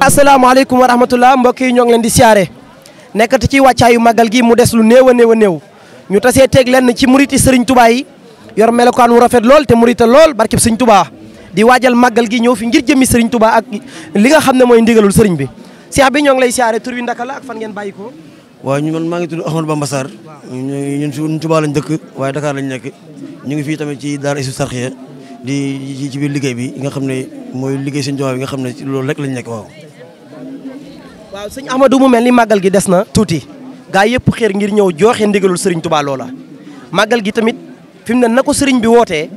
asalaamaaleykum wa rahmatullah mbokk yi ñoo ngi leen di siyaare nekkati ci wàccaayu màggal gi mu des lu néew a néew a néew ñu tasee teeg lenn ci murit yi sëriñ tubaa yi yor melokaan wu rafet lool te murita lool barkib sëriñ tubaa di waajal màggal gi ñëw fi ngir jëmmi sëriñ tubaa ak li nga xam ne mooy ndigalul sëriñ bi seex bi ñoo ngi lay siyaare tur bi ndaka la ak fan ngeen bàyyi ko. waaw ñu man maa ngi tudd Ahmadou Bamba Sarr ñun ñun tubaa lañ dëkk waaye Dakar lañ nekk ñu ngi fii tamit ci Daara Hizbut Tarqiyyah di ci biir liggéey bi nga xam ne mooy liggéey sëñ Touba bi nga xam ne loolu rek lañ nekk waaw. waaw sëñ Ahmadou mu mel ni màggal gi des na tuuti gaa yëpp xeer ngir ñëw jooxe ndigalul sëriñ Touba loola màggal gi tamit fi mu ne na sëriñ bi wootee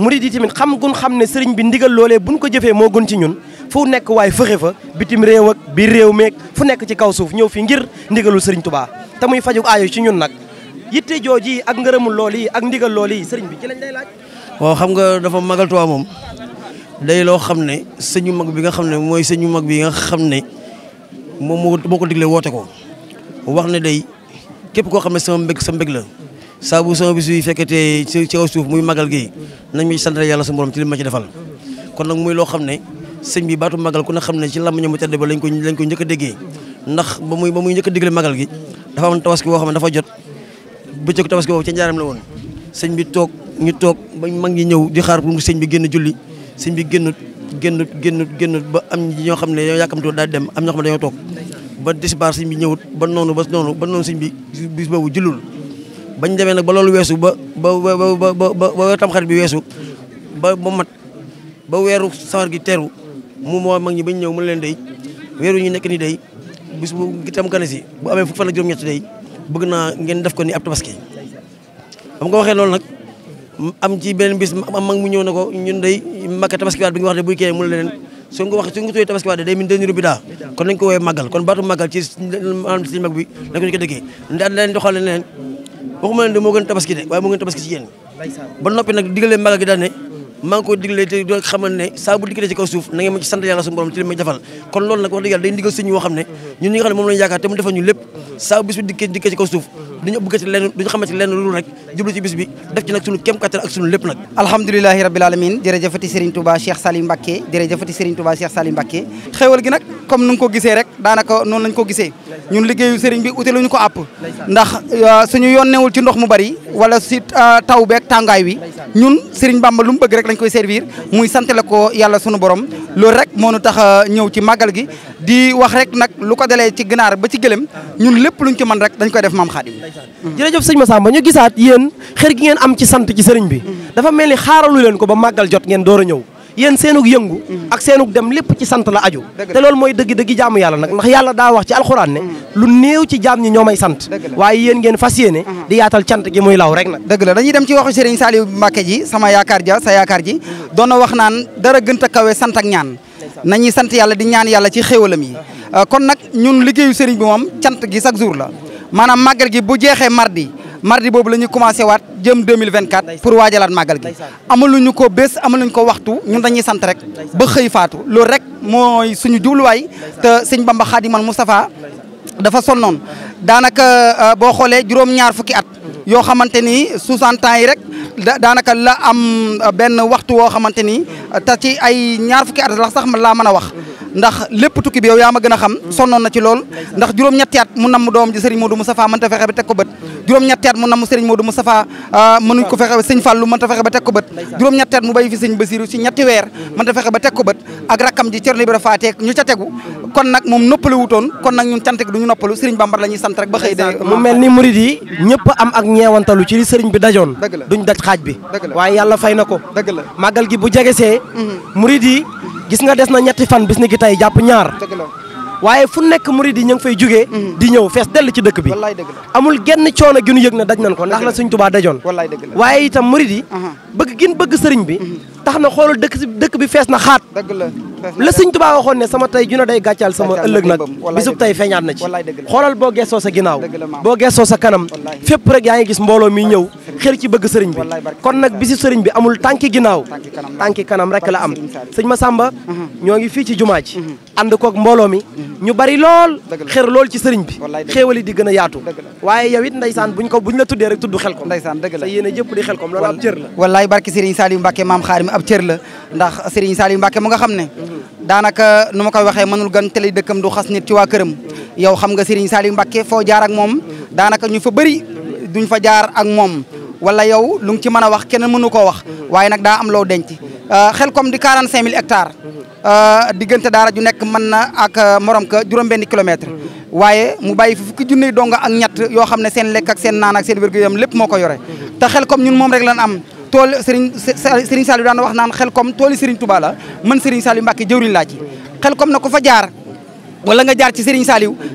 mu di yi tamit xam gun xam ne sëriñ bi ndigal loolee buñ ko jëfee moo gën ci ñun fu nekk waay fëxe fa bitim réew ak biir réew meeg fu nekk ci kaw suuf ñëw fi ngir ndigalul sëriñ Tuubaa te muy faju aayo ci ñun nag yitte jooji ak ngërëmul lool yi ak ndigal lool yi sëriñ bi ci lañ lay waaw xam nga dafa magal Tuubaa moom day loo xam ne sëñu mag bi nga xam ne mooy sëñu mag bi nga xam ne moom moo ko digle woote ko wax ne day képp koo xam ne sama mbég sa mbég la sabu bu sama bisu yi fekkatee ci kaw suuf muy magal gi nañ mi sant yàlla sa borom ci li ma ci defal kon nag muy ne bi batu magal ku ne xam ne ci làmb ñoom mu tedd ba lañ ko lañ ko njëkk a déggee ndax ba muy ba muy njëkk a digle magal gi dafa am tabaski boo xam ne dafa jot bëccëg tabaski boobu ca njaaram la woon sëñ bi tok, ñu toog ba mag ñi ñëw di xaar pour sëñ bi génn julli sëñ bi génnut génnut ba am ñoo xam ne ñoo yàkkamtoo daal dem am ñoo xam ne dañoo ba disbar sëñ bi ñëwut ba nonu ba nonu ba nonu sëñ bi bis boobu bañ demee nag ba loolu weesu ba ba ba ba ba tamxarit bi weesu ba ba mat ba weeru sawar gi teru mu moo mag ñi bañ ñëw mu leen day weeru ñu nekk ni day bis bu itam gane si bu amee fukk fan ak juróom-ñett day bëgg naa ngeen def ko ni ab tabaski xam nga waxee loolu nag am ci beneen bis am mag mu ñëw na ko ñun day makka tabaski waat bi nga wax de buy kee mu leen su nga wax su nga tuddee tabaski waat de day min deniru bi daa kon nañ ko woowee màggal kon baatu màggal ci maanaam si mag bi nañ ko ñu ko dëggee ndax dañ doxale wo leen de moo tabaski de waaye moo tabaski ci yéen ba noppi nag digalee magal gi daal ne maa ngi koy digalee te doo xamal ne saa bu dikkalee ci kaw ma ci sant yàlla suñu borom ci li ma jafal kon loolu nag wax dëgg yàlla day ndigal sëñ yoo xam ne ñun ñi nga xam ne moom lañu yaakaar te mu duñu bëggati lenn duñu xamante lenn lu rek jublu ci bis bi def ci nag suñu kéem kattan ak suñu lépp nag alhamdulilahi rabbil alamin jërëjëfati Serigne Touba Cheikh Salim Mbacké jërëjëfati Serigne Touba Cheikh Salim Mbacké xéewal gi nag comme nu nga ko gisee rek daanaka noonu lañ ko gisee ñun liggéeyu Serigne bi ute luñu ko àpp ndax euh, suñu yoon newul ci ndox mu bari wala si euh, taw beeg tàngaay wi ñun Serigne Bamba lu mu bëgg rek lañ koy servir muy sant ko yàlla sunu borom loolu rek moo nu tax ñëw ci màggal gi di wax rek nag lu ko dalee ci ginaar ba ci gëlëm ñun lépp luñ ci mën rek dañ koy def maam Xaadim Mm. jërëjëf sëñ Massamba ñu gisaat yéen xër gi ngeen am ci sant ci sëriñ bi mm. dafa mel xaaralu leen ko ba màggal jot ngeen door a ñëw yéen seenug mm. ak seenug dem lépp ci sant la aju te loolu mooy dëgg dëgg jaamu yàlla nag ndax yàlla daa wax ci alxuraan ne lu néew ci jaam ñi ñoo may sant waaye yéen ngeen fas yéene di yaatal cant gi muy law rek nag dëgg la dañuy dem ci waxu ji sama yaakaar ja sa yaakaar ji doon na wax naan dara gënt a kawe sant ak ñaan nañuy sant yàlla di ñaan yàlla ci xéewalam yi kon nag ñun liggéeyu Serigne bi gi chaque jour la maanaam màggal gi bu jeexee mardi mardi boobu la ñuy commencé waat jëm 2024 pour waajalaat màggal gi amaluñu ko bés amaluñu ko waxtu ñun dañuy sant rek ba xëy faatu loolu rek mooy suñu jubluwaay te sëñ Bamba Xaadimal Moustapha dafa sonnoon daanaka euh, boo xoolee juróom-ñaar fukki at yoo xamante ni 60 ans yi rek daanaka la am euh, benn waxtu woo xamante ni te ci ay ñaar fukki at la sax laa mën a wax ndax lepp tukki bi yow yaama gëna xam mm. sonnon na ci lool ndax juroom ñetti at mu nam doom ji Serigne Modou mustapha mën ta fexé ba tek ko bëtt mm. juroom ñetti at mu nam Serigne Modou Moustapha ah, mënuñ ko fexé Serigne fallu mën ta fexé ba tek ko bëtt juroom ñetti at mu bay fi Serigne basirou ci ñetti wër mm. mën ta fexé ba tek ko bëtt ak rakam ji Thierno Ibra Faté ñu ca téggu kon nak mom noppalu wutoon kon nak ñun tanté duñu noppalu Serigne bambar lañuy sant rek ba xey mu melni ni yi ñepp am ak ñewantalu ci Serigne bi dajoon duñ daj xaj bi waye yalla fay nako ko gi bu sé mm-hmm. murid yi gis nga des na ñetti fan bis ni tey jàpp ñaar waaye fu nekk murid yi ñu ngi fay jugee mm-hmm. di ñëw fees dell ci dëkk bi amul genn coono gi nu yëg na daj nañ ko ndax la Sëñ Tuubaa dajoon waaye itam murid yi uh-huh. bëgg gin bëgg sëriñ bi mm-hmm. tax na xoolal dëkk dëkk bi fees na xaat la Sëñ Tuubaa waxoon ne sama tey juna day gàccaal sama ëllëg nag bisub tey feeñaat na ci xoolal boo gessoo sa ginnaaw boo gessoo sa kanam fépp rek yaa ngi gis mbooloo mi ñëw xër ci bëgg sëriñ bi kon nag bisu sëriñ bi amul tànki ginnaaw tànki kanam rek la am sëñ samba mhm. ñoo ngi fii ci jumaa ji mhm. ànd koog mbooloo mi mhm. ñu bari lool xër lool ci sëriñ bi xéewali di gën a yaatu waaye yow it ndaysaan buñ ko buñ la tuddee rek tudd xel ko ndaysaan dëgg la yéen a jëpp di xel ko loolu ab cër la wallaay barki Serigne Saliou Mbacke maam xaarim ab cër la ndax Serigne Saliou Mbacke mu nga xam ne daanaka nu ma koy waxee mënul gan tele dëkkam du xas nit ci waa këram yow xam ga sëriñ Saliou Mbacke foo jaar moom daanaka ñu fa bëri duñ fa jaar ak moom wala yow lu ngi ci mëna wax kenen mënu ko wax waye nak da am lo denc euh, xel comme di 45000 hectares euh, digënté dara ju nek mëna ak euh, morom ka juroom benn kilomètre waye mu bayyi fu fukki junniy dong ak ñatt yo xam seen ak seen nan ak seen wërgu yam lepp moko yoré ta xel comme ñun mom rek lañ am tuol Serigne Serigne Saliou daan wax naan xel comme tooli Serigne Touba la man Serigne Saliou Mbacke jëwriñ la ci xel comme na ko fa jaar wala nga jaar ci Serigne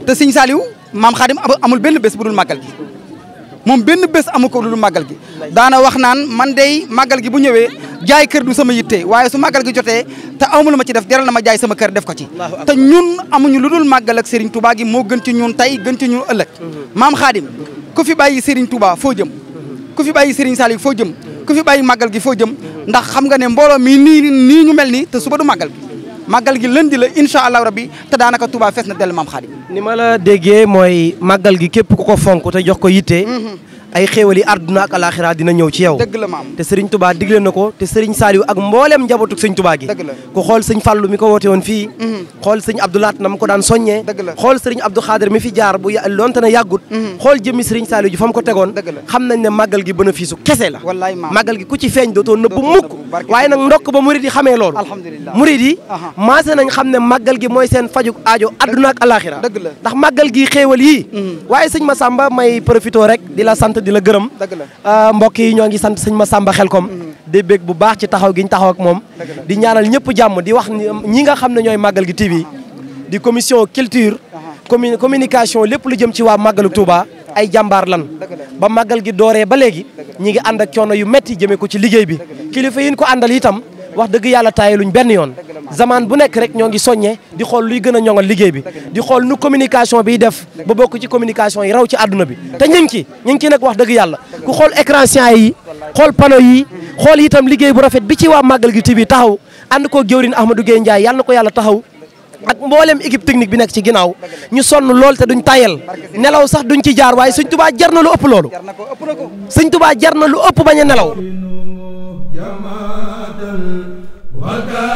te Serigne mam Khadim amul benn bes budul magal moom benn bés amu ko lu dul màggal gi daana wax naan man day màggal gi bu ñëwee jaay kër du sama yitte waaye su màggal gi jotee te awma lu ma ci def jaral na ma jaay sama kër def ko ci te ñun amuñu lu dul màggal ak Serigne Touba gi moo gën ci ñun tey gën ci ñun ëllëg mhm. maam Xaadim ku fi bàyyi Serigne Touba foo jëm mhm. ku fi bàyyi Serigne Saliou foo jëm ku fi bàyyi màggal gi foo jëm mhm. ndax xam nga ne mbooloo mi nii nii ñu mel ni te suba du màggal gi màggal gi lëndi la incha allah rabbi te daanaka Touba fees na dell maam Xaadim. ni ma la déggee mooy màggal gi képp ku ko fonk te jox ko yitte. Mhm. ay xéewal yi àdduna ak alaxira dina ñëw ci yow dëgg la maam te sëriñ tubaa digle na ko te sëriñ saaliw ak mbooleem njabootu sëñ tubaa gi ku xool sëñ fàllu mi ko woote woon fii mhm. xool sëñ abdoulaat na mu ko daan soññee xool sëriñ abdou xaadir mi fi jaar bu na yàggut mhm. xool jëmmi sëriñ saaliw ji fa ko tegoon xam nañ ne màggal gi bénéfice u kese la màggal gi ku ci feeñ dootoo nëbb mukk waaye nag ndokk ba murid yi xamee loolu murid yi maase nañ xam ne màggal gi mooy seen fajuk aajo mhm. di la sant di la gërëm ah, mbokk yi ñoo ngi sant sëñ Massamba Xelkom mm-hmm. di bég bu baax ci taxaw gi ñu taxaw ak moom di ñaanal ñëpp jàmm di wax ñi nga xam ne ñooy màggal gi TV di commission culture uh-huh. commun communication lépp lu jëm ci waa màggalu Touba uh-huh. ay jàmbaar lan ba màggal gi dooree ba léegi ñi ngi ànd ak coono yu métti jëmee ko ci liggéey bi kilifa yi ko àndal itam wax dëgg yàlla taayaluñ ben yoon zaman bu nek rek ñoo ngi di xol luy gëna ñongal bi di xol nu communication bi def ba bok ci communication yi raw ci aduna bi te ñing ci ñing ci nak wax kol yalla ku xol écran géant yi xol panneau yi xol itam liggéey bu rafet bi ci wa Magal gi TV taxaw and ko jëwrin Ahmadou gey ndjay yalla ko yalla taxaw ak mbollem équipe technique bi nek ci ginaaw ñu sonn lool te duñ tayel nelaw sax duñ ci jaar way seigne touba jar lu upp lool seigne touba jar lu upp baña nelaw Maka